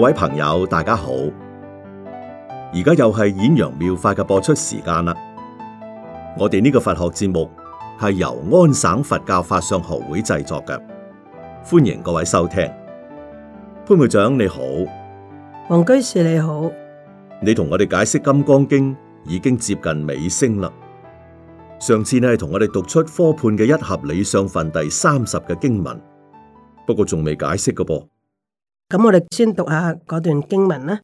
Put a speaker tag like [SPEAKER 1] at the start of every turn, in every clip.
[SPEAKER 1] 各位朋友，大家好！而家又係演揚妙，妙法嘅播出時間啦。我哋呢個佛學節目係由安省佛教法相學會製作嘅，歡迎各位收聽。潘會長你好，黃居士你好，你同我哋解釋《金剛經》已經接近尾聲啦。上次你係同我哋讀出科判嘅一合理相分第三十嘅經文，不過仲未解釋嘅噃。
[SPEAKER 2] 咁我哋先讀下嗰段經文啦。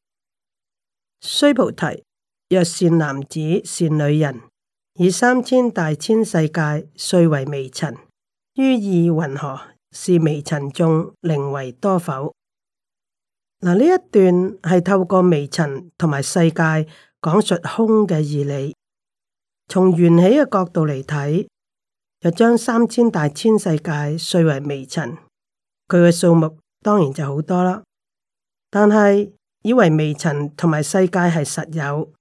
[SPEAKER 2] 須菩提，若善男子、善女人，以三千大千世界碎為微塵，於意云何？是微塵眾，寧為多否？嗱，呢一段係透過微塵同埋世界講述空嘅義理，從緣起嘅角度嚟睇，就將三千大千世界碎為微塵，佢嘅數目。當然就好多啦，但係以為微塵同埋世界係實有，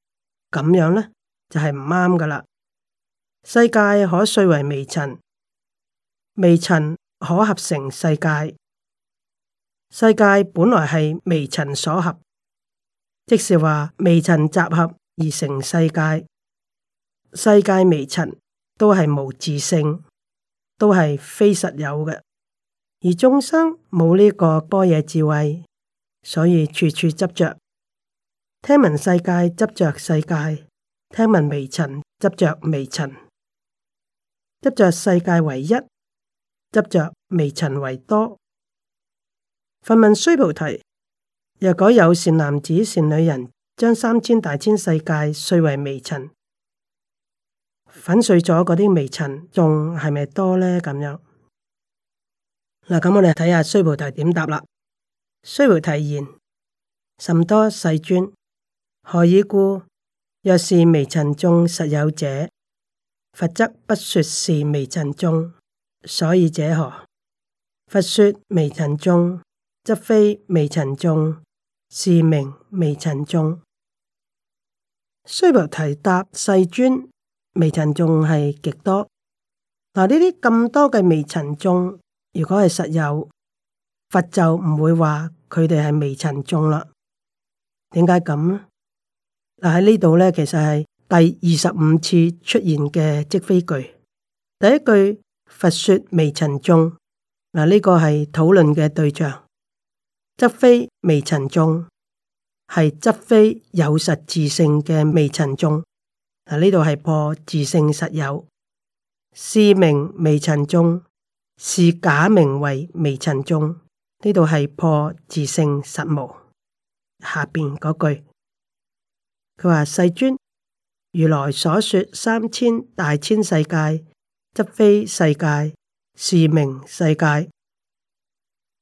[SPEAKER 2] 咁樣呢，就係唔啱噶啦。世界可碎為微塵，微塵可合成世界，世界本來係微塵所合，即是話微塵集合而成世界。世界微塵都係無自性，都係非實有嘅。而眾生冇呢個般若智慧，所以處處執着。聽聞世界執着世界，聽聞微塵執着微塵，執着世界唯一，執着微塵為多。佛問須菩提：若果有善男子、善女人，將三千大千世界碎為微塵，粉碎咗嗰啲微塵，仲係咪多呢？」咁樣？嗱，咁我哋睇下須菩提點答啦。須菩提言：甚多世尊，何以故？若是微塵眾實有者，佛則不說是微塵眾。所以者何？佛說微塵眾，則非微塵眾，是名微塵眾。須菩提答世尊：微塵眾係極多。嗱，呢啲咁多嘅微塵眾。如果係實有，佛就唔會話佢哋係微塵眾啦。點解咁？嗱，喺呢度咧，其實係第二十五次出現嘅即非句。第一句「佛說微塵眾」，嗱呢個係討論嘅對象。即非微塵眾，係即非有實自性嘅微塵眾。嗱呢度係破自性實有，是名微塵眾。是假名為微塵眾，呢度係破自性實無。下邊嗰句，佢話世尊，如來所說三千大千世界，則非世界，是名世界。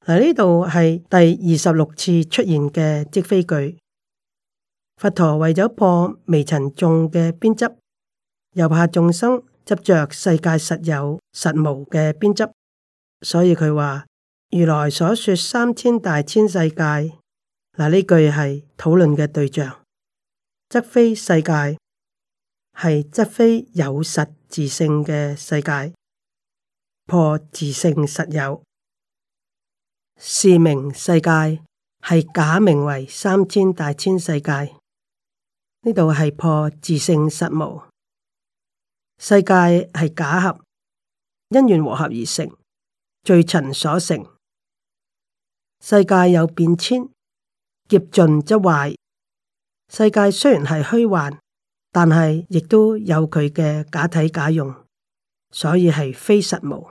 [SPEAKER 2] 嗱，呢度係第二十六次出現嘅即非句。佛陀為咗破微塵眾嘅邊執，又怕眾生執着世界實有實無嘅邊執。所以佢話如來所說三千大千世界，嗱，呢句係討論嘅對象，則非世界，係則非有實自性嘅世界，破自性實有，是名世界，係假名為三千大千世界。呢度係破自性實無，世界係假合，因緣和合而成。罪塵所成，世界有變遷，劫盡則壞。世界雖然係虛幻，但係亦都有佢嘅假體假用，所以係非實無。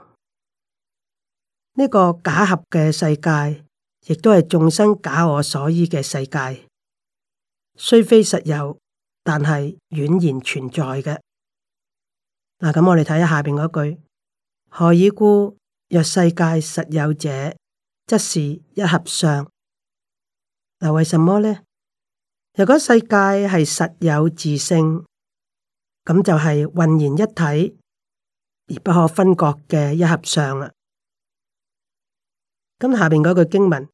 [SPEAKER 2] 呢、這個假合嘅世界，亦都係眾生假我所依嘅世界，雖非實有，但係宛然存在嘅。嗱、啊，咁我哋睇下下邊嗰句，何以故？若世界實有者，則是一合相。嗱，為什麼呢？若果世界係實有自性，咁就係渾然一體而不可分割嘅一合相啦。咁下邊嗰句經文，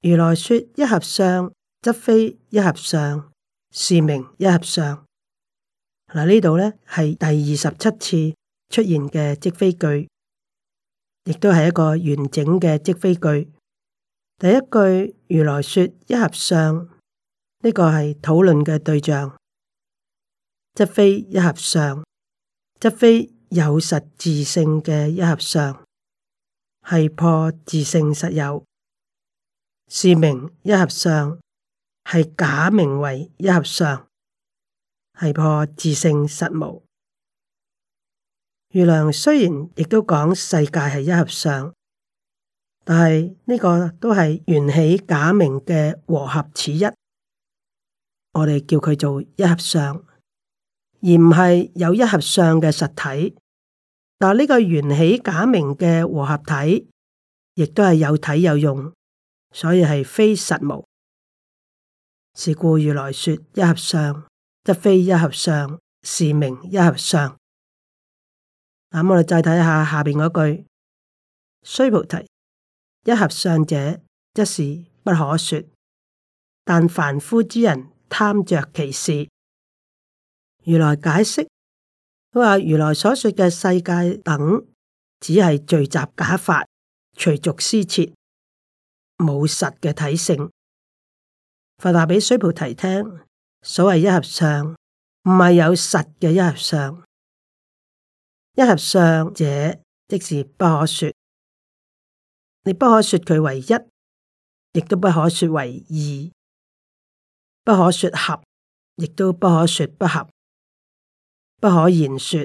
[SPEAKER 2] 如來說一合相，則非一合相，是名一合相。嗱，呢度咧係第二十七次出現嘅即非句。亦都係一個完整嘅即非句。第一句，如來說一合相，呢個係討論嘅對象，即非一合相，即非有實自性嘅一合相，係破自性實有；是名一合相，係假名為一合相，係破自性實無。月亮雖然亦都講世界係一合相，但係呢個都係緣起假名嘅和合始一，我哋叫佢做一合相，而唔係有一合相嘅實體。嗱，呢個緣起假名嘅和合體，亦都係有體有用，所以係非實無。是故如來說一合相，則非一合相，是名一合相。咁、嗯、我哋再睇下下面嗰句，須菩提，一合相者則是不可說，但凡夫之人貪着其事。如來解釋，佢話如來所說嘅世界等，只係聚集假法，隨俗施設，冇實嘅體性。佛話俾須菩提聽，所謂一合相，唔係有實嘅一合相。一合相者，即是不可說。你不可說佢為一，亦都不可說為二，不可說合，亦都不可說不合，不可言說，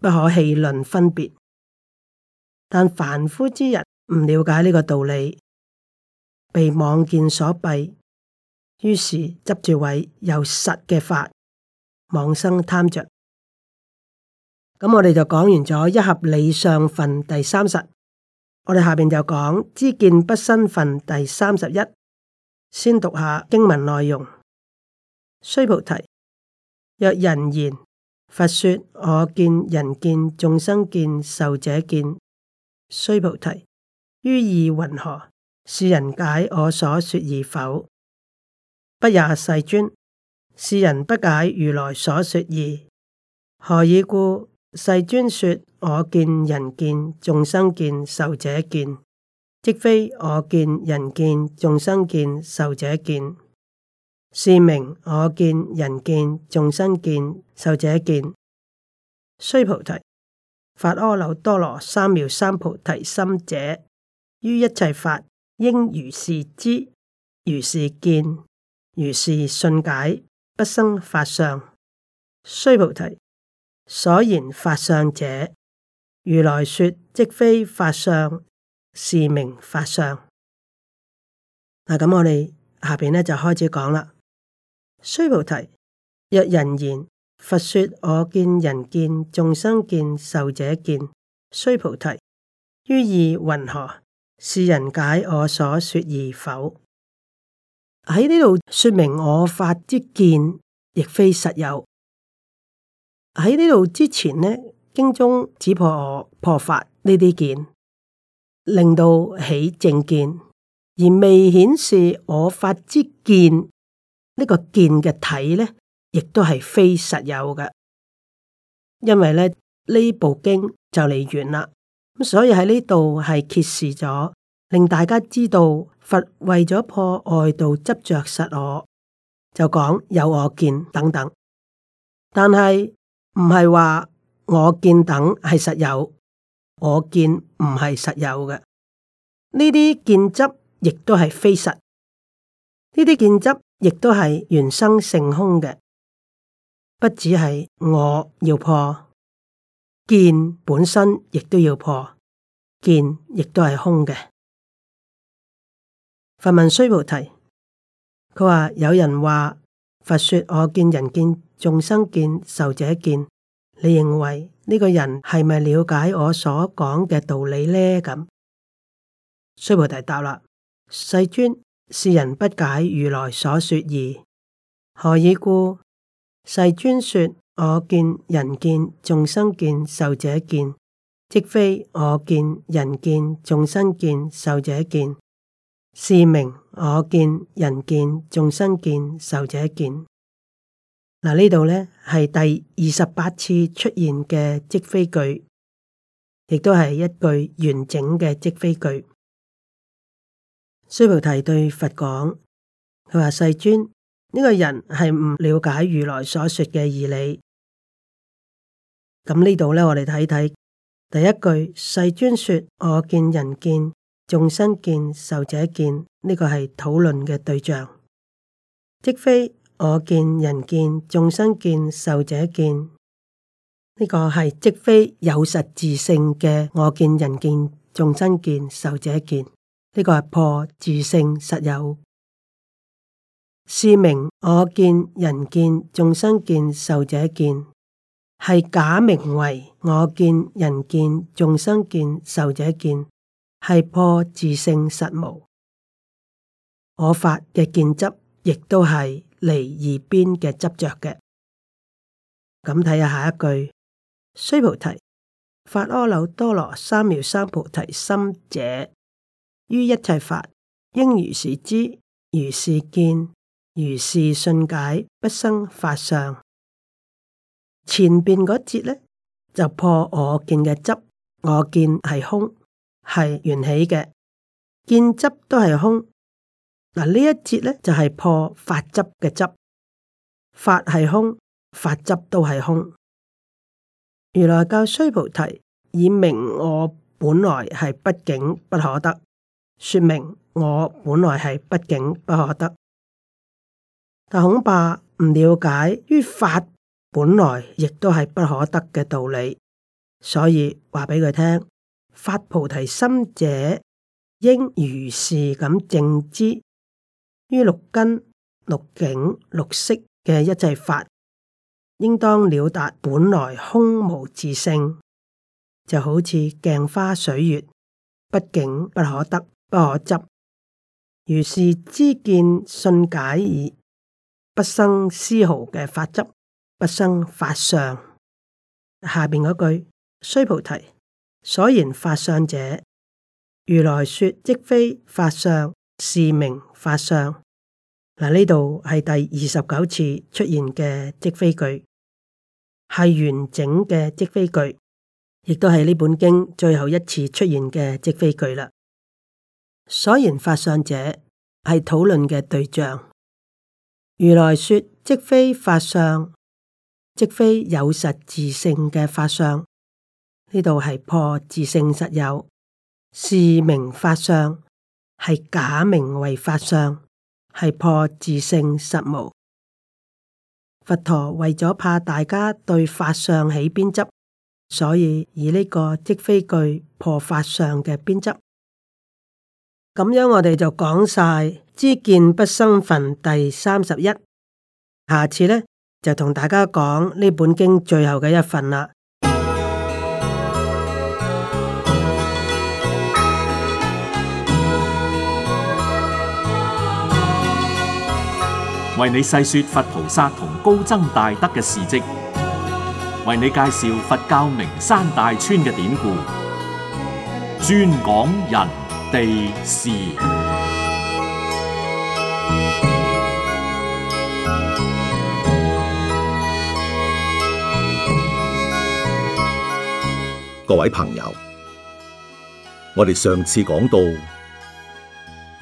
[SPEAKER 2] 不可戲論分別。但凡夫之人唔了解呢個道理，被妄見所蔽，於是執住為有實嘅法，妄生貪着。咁、嗯、我哋就講完咗一合理相分第三十，我哋下邊就講知見不生分第三十一。先讀下經文內容須菩提，若人言佛說我見人見眾生見壽者見，須菩提，於意云何？是人解我所說義否？不也，世尊。是人不解如來所說義。何以故？世尊說：我見人見眾生見受者見，即非我見人見眾生見受者見。是名我見人見眾生見受者見。須菩提，發阿耨多羅三藐三菩提心者，於一切法應如是知，如是見，如是信解，不生法相。須菩提。所言法相者，如來說即非法相，是名法相。嗱，咁我哋下面呢就開始講啦。須菩提，若人言佛說我見人見眾生見受者見，須菩提，於意云何？是人解我所說而否？喺呢度說明我法之見，亦非實有。喺呢度之前呢，經中只破我破法呢啲見，令到起正見，而未顯示我法之見呢，呢個見嘅體呢，亦都係非實有嘅。因為呢，呢部經就嚟完啦，咁所以喺呢度係揭示咗，令大家知道佛為咗破外道執着實我，就講有我見等等，但係。唔係話我見等係實有，我見唔係實有嘅。呢啲見執亦都係非實，呢啲見執亦都係緣生性空嘅。不只係我要破，見本身亦都要破，見亦都係空嘅。佛問須菩提，佢話有人話佛說我見人見。眾生見、受者見，你認為呢、這個人係咪了解我所講嘅道理呢？咁，須菩提答啦：世尊，是人不解如來所說義，何以故？世尊說：我見人見，眾生見、受者見，即非我見人見眾生見、受者見，是名我見人見眾生見、受者見。嗱，呢度咧係第二十八次出現嘅即非句，亦都係一句完整嘅即非句。須菩提對佛講，佢話世尊，呢個人係唔了解如來所說嘅義理。咁呢度咧，我哋睇睇第一句，世尊說我見人見，眾生見，受者見，呢個係討論嘅對象，即非。我見人見眾生見受者見，呢、這個係即非有實自性嘅我見人見眾生見受者見，呢、這個係破自性實有。是名我見人見眾生見受者見，係假名為我見人見眾生見受者見，係破自性實無。我法嘅見執亦都係。離二邊嘅執着嘅，咁睇下下一句。須菩提，發阿耨多羅三藐三菩提心者，於一切法應如是知，如是見，如是信解，不生法相。前邊嗰節呢，就破我見嘅執，我見係空，係緣起嘅，見執都係空。嗱，一節呢一節咧就係、是、破法執嘅執，法係空，法執都係空。原來教須菩提，以明我本來係畢竟不可得，說明我本來係畢竟不可得。但恐怕唔了解於法本來亦都係不可得嘅道理，所以話畀佢聽，法菩提心者應如是咁正知。於六根、六境、六色嘅一切法，應當了達本來空無自性，就好似鏡花水月，不境不可得，不可執。如是知見信解耳，不生絲毫嘅法執，不生法相。下面嗰句，須菩提，所言法相者，如來說即非法相。是名法相，嗱呢度係第二十九次出現嘅即非句，係完整嘅即非句，亦都係呢本經最後一次出現嘅即非句啦。所言法相者，係討論嘅對象。如來說即非法相，即非有實自性嘅法相。呢度係破自性實有，是名法相。係假名為法相，係破自性實無。佛陀為咗怕大家對法相起邊執，所以以呢個即非句破法相嘅邊執。咁樣我哋就講晒知見不生分第三十一。下次呢，就同大家講呢本經最後嘅一份啦。
[SPEAKER 1] 為你細說佛菩薩同高僧大德嘅事跡，為你介紹佛教名山大川嘅典故，專講人地事。各位朋友，我哋上次講到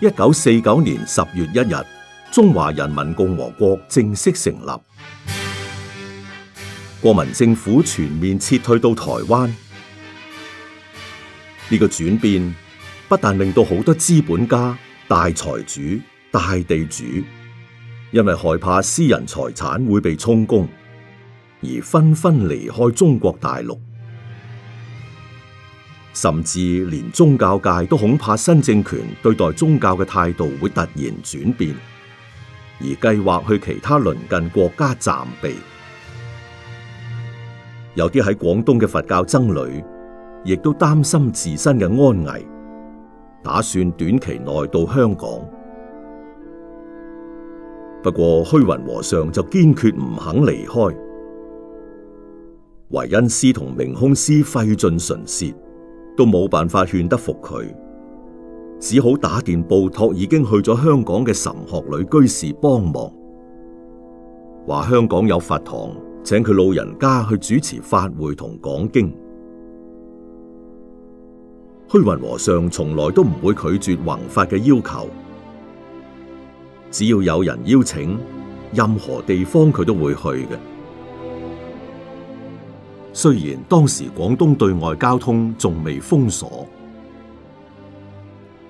[SPEAKER 1] 一九四九年十月一日。中華人民共和國正式成立，國民政府全面撤退到台灣。呢個轉變不但令到好多資本家、大財主、大地主，因為害怕私人財產會被充公，而紛紛離開中國大陸，甚至連宗教界都恐怕新政權對待宗教嘅態度會突然轉變。而計劃去其他鄰近國家暫避，有啲喺廣東嘅佛教僧侶，亦都擔心自身嘅安危，打算短期內到香港。不過虛雲和尚就堅決唔肯離開，維恩師同明空師費盡唇舌，都冇辦法勸得服佢。只好打電報託已經去咗香港嘅岑學呂居士幫忙，話香港有法堂，請佢老人家去主持法會同講經。虛雲和尚從來都唔會拒絕宏法嘅要求，只要有人邀請，任何地方佢都會去嘅。雖然當時廣東對外交通仲未封鎖。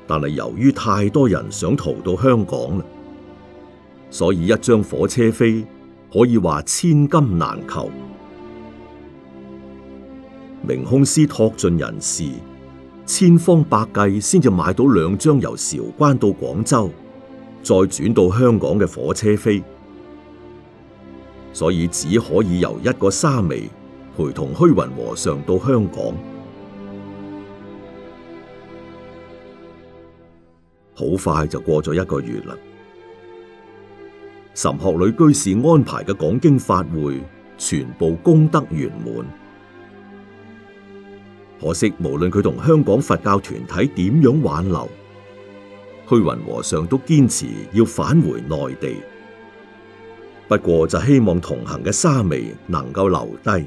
[SPEAKER 1] 但係由於太多人想逃到香港啦，所以一張火車飛可以話千金難求。明空師託盡人事，千方百計先至買到兩張由韶關到廣州，再轉到香港嘅火車飛，所以只可以由一個沙彌陪同虛雲和尚到香港。好快就過咗一個月啦，岑學呂居士安排嘅講經法會全部功德圓滿。可惜無論佢同香港佛教團體點樣挽留，虛雲和尚都堅持要返回內地。不過就希望同行嘅沙彌能夠留低，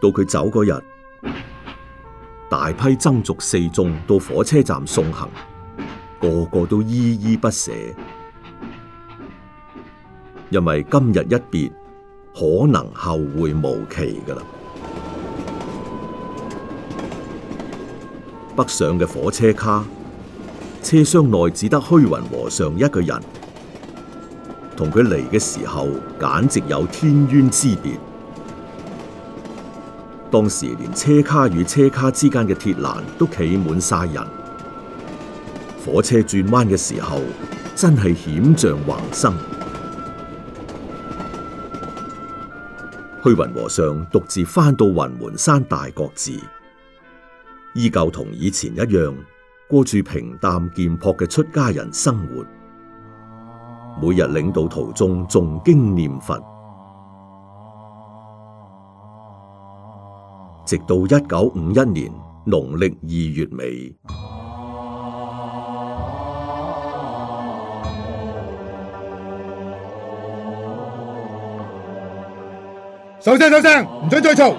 [SPEAKER 1] 到佢走嗰日，大批僧俗四眾到火車站送行，個個都依依不捨，因為今日一別，可能後會無期噶啦。北上嘅火車卡，車廂內只得虛雲和尚一個人，同佢嚟嘅時候簡直有天淵之別。當時連車卡與車卡之間嘅鐵欄都企滿晒人，火車轉彎嘅時候真係險象橫生。虛雲和尚獨自返到雲門山大覺寺，依舊同以前一樣過住平淡簡樸嘅出家人生活，每日領導途中誦經念佛。直到一九五一年農曆二月尾，收
[SPEAKER 3] 聲
[SPEAKER 4] 收聲，唔準再嘈！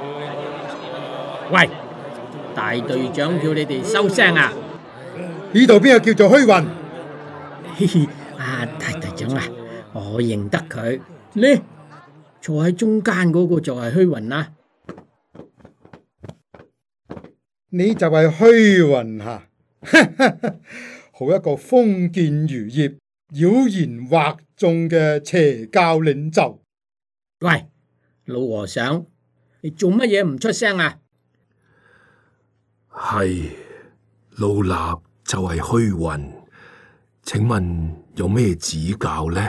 [SPEAKER 3] 喂，大隊長叫你哋
[SPEAKER 4] 收聲啊！呢度邊個叫做虛雲？嘻嘻，
[SPEAKER 3] 阿大隊長啊，我認得佢呢。你坐喺中間嗰個就係
[SPEAKER 4] 虛雲啦。你就係虛雲啊。 好一個封建餘孽、妖言惑眾嘅邪教領袖。喂，老和
[SPEAKER 3] 尚，你做乜嘢唔出聲啊？
[SPEAKER 4] 係老衲就係虛雲，請問有咩指教呢？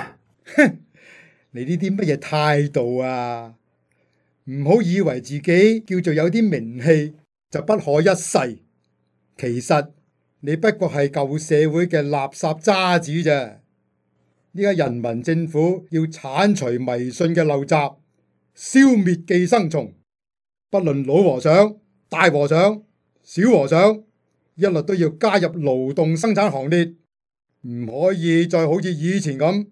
[SPEAKER 4] 哼， 你呢啲乜嘢態度啊？唔好以為自己叫做有啲名氣。就不可一世，其實你不過係舊社會嘅垃圾渣子啫。呢家人民政府要鏟除迷信嘅陋習，消滅寄生蟲，不論老和尚、大和尚、小和尚，一律都要加入勞動生產行列，唔可以再好似以前咁，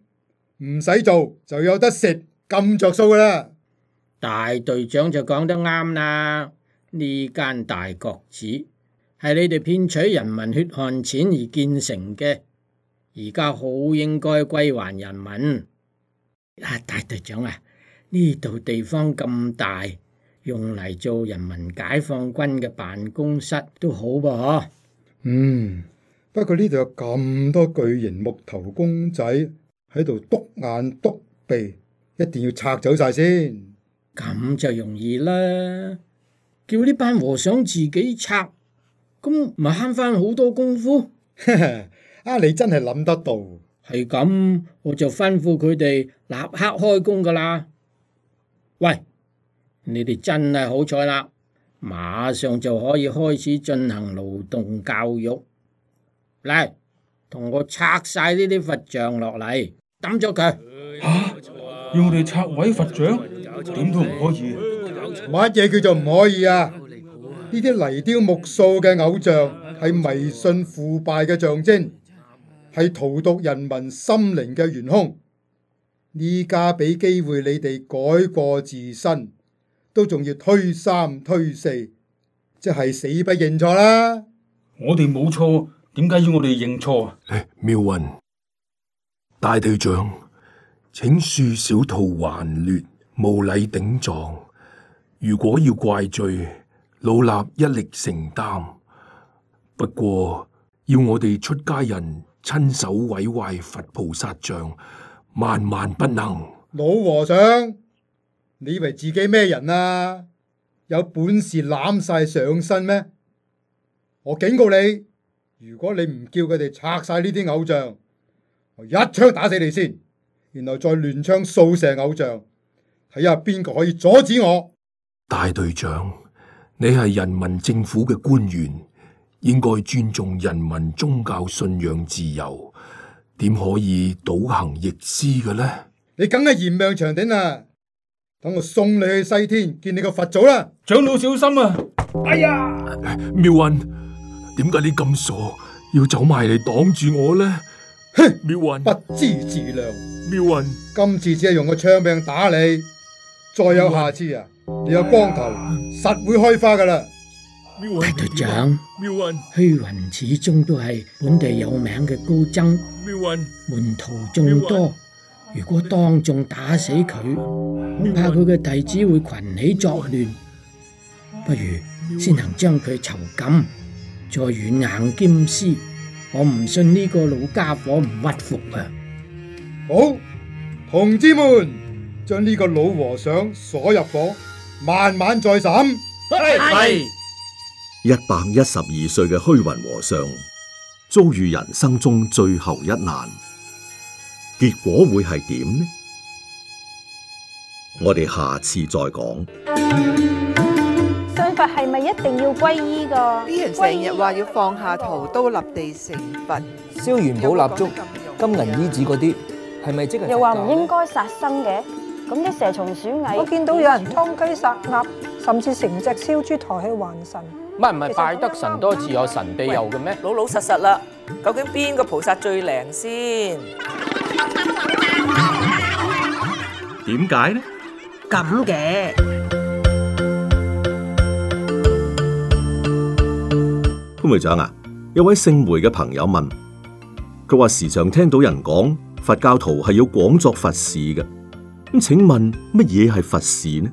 [SPEAKER 4] 唔使做就有得食，咁着數噶啦。大
[SPEAKER 3] 隊長就講得啱啦。呢間大國子係你哋騙取人民血汗錢而建成嘅，而家好應該歸還人民。啊，大隊長啊，呢度地方咁大，用嚟做人民解放軍嘅辦公室都好噃、
[SPEAKER 4] 啊。嗯，不過呢度有咁多巨型木頭公仔喺度篤眼篤鼻，一定要拆走晒先。咁，嗯嗯嗯嗯，
[SPEAKER 3] 就容易啦。叫呢班和尚自己拆，咁咪慳翻好多功夫。啊，你真係諗得到，係咁我就吩咐佢哋立刻開工噶啦。喂，你哋真係好彩啦，馬上就可以開始進行勞動教育。嚟，同我拆晒呢啲佛像落嚟，
[SPEAKER 4] 抌咗佢。吓，要我哋拆毀佛像，點都唔可以。乜嘢叫做唔可以啊？呢啲泥雕木塑嘅偶像係迷信腐敗嘅象徵，係荼毒人民心靈嘅元凶。呢家俾機會你哋改過自身，都仲要推三推四，即係死不認錯啦！我哋冇錯，點解要我哋認錯啊、哎？妙雲大隊長，請恕小徒頑劣無禮頂撞。如果要怪罪，老衲一力承擔。不過要我哋出家人親手毀壞佛菩薩像，萬萬不能。老和尚，你以為自己咩人啊？有本事攬晒上身咩？我警告你，如果你唔叫佢哋拆晒呢啲偶像，我一槍打死你先，然後再亂槍掃射偶像，睇下邊個可以阻止我。大隊長，你係人民政府嘅官員，應該尊重人民宗教信仰自由，點可以倒行逆施嘅呢？你梗係嫌命長頂啦！等我送你去西天見你個佛祖啦！長老小心啊！哎呀，哎妙雲，點解你咁傻要走埋嚟擋住我呢？哼嘿，妙雲雲，不知自量。妙雲雲，妙雲今次只係用個槍柄打你，再有下次啊！你有光頭實會開花噶啦。大隊長，虛
[SPEAKER 3] 雲始終都係本地有名嘅高僧，門徒眾多。如果當眾打死佢，恐怕佢嘅弟子會群起作亂。不如先行將佢囚禁，再軟硬兼施。我唔信呢個老家伙唔屈服呀。
[SPEAKER 4] 好，同志們，將呢個老和尚鎖入房。慢慢再審。係一百一
[SPEAKER 1] 十二歲嘅虛雲和尚遭遇人生中最後一難，結果會係點呢？我哋下次再講。
[SPEAKER 3] 信佛係咪一定要皈依噶？啲人成日話要放下屠刀立地成
[SPEAKER 1] 佛，燒元寶蠟燭、金銀衣紙嗰啲，係咪即係又話唔應
[SPEAKER 2] 該殺生嘅？咁啲蛇蟲鼠蟻，我見到有人劏雞殺鴨，甚至成隻燒豬抬去還神。
[SPEAKER 3] 唔係唔係，拜得神多自有神庇佑嘅咩？老老實實啦，究竟邊個菩薩最靈先？
[SPEAKER 1] 點解呢？
[SPEAKER 2] 咁嘅，
[SPEAKER 1] 潘會長啊，有位姓梅嘅朋友問，佢話時常聽到人講佛教徒係要廣作佛事嘅。咁請問乜嘢係佛事呢？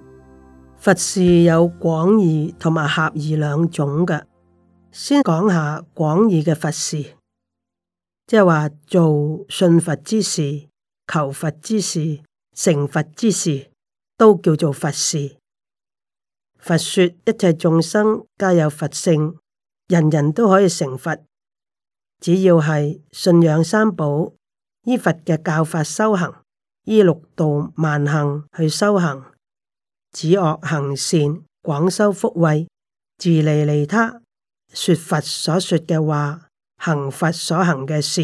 [SPEAKER 2] 佛事有廣義同埋狹義兩種嘅。先講下廣義嘅佛事，即係話做信佛之事、求佛之事、成佛之事，都叫做佛事。佛說一切眾生皆有佛性，人人都可以成佛，只要係信仰三寶，依佛嘅教法修行。依六道萬行去修行，止惡行善，廣修福慧，自利利他，說佛所說嘅話，行佛所行嘅事，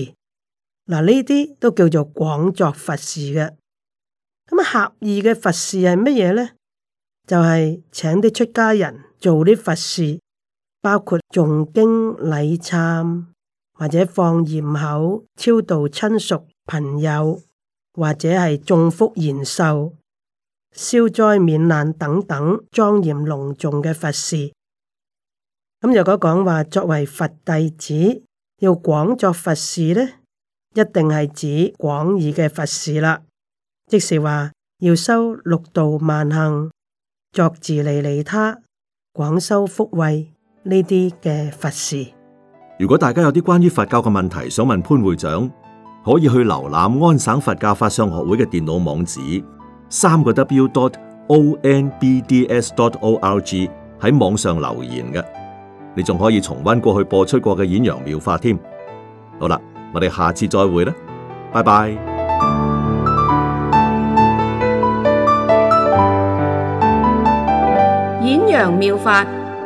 [SPEAKER 2] 嗱呢啲都叫做廣作佛事嘅。咁狹義嘅佛事係乜嘢呢？就係、是、請啲出家人做啲佛事，包括誦經禮懺或者放焰口超度親屬朋友。或者係眾福延壽、消災免難等等莊嚴隆重嘅佛事。咁、嗯、如果講話作為佛弟子要廣作佛事呢，一定係指廣義嘅佛事啦，即是話要修六度萬行、作自利利他、廣修福慧呢啲嘅佛事。
[SPEAKER 1] 如果大家有啲關於佛教嘅問題想問潘會長，可以去瀏覽安省佛教法相學會嘅電腦網址，三個 w dot onbds dot org 喺網上留言嘅。你仲可以重溫過去播出過嘅演揚妙法添。好啦，我哋下次再會啦，拜拜。
[SPEAKER 3] 演揚妙法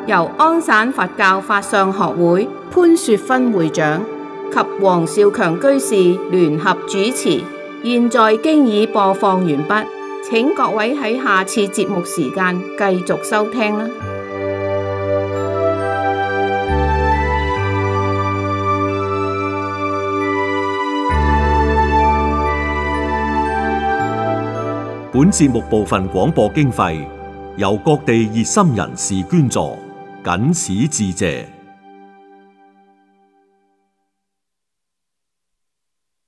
[SPEAKER 3] 由安省佛教法相學會潘雪芬會長。及黃少強居士聯合主持，現在經已播放完畢，請各位喺下次節目時間繼續收聽啦。
[SPEAKER 1] 本節目部分廣播經費由各地熱心人士捐助，謹此致謝。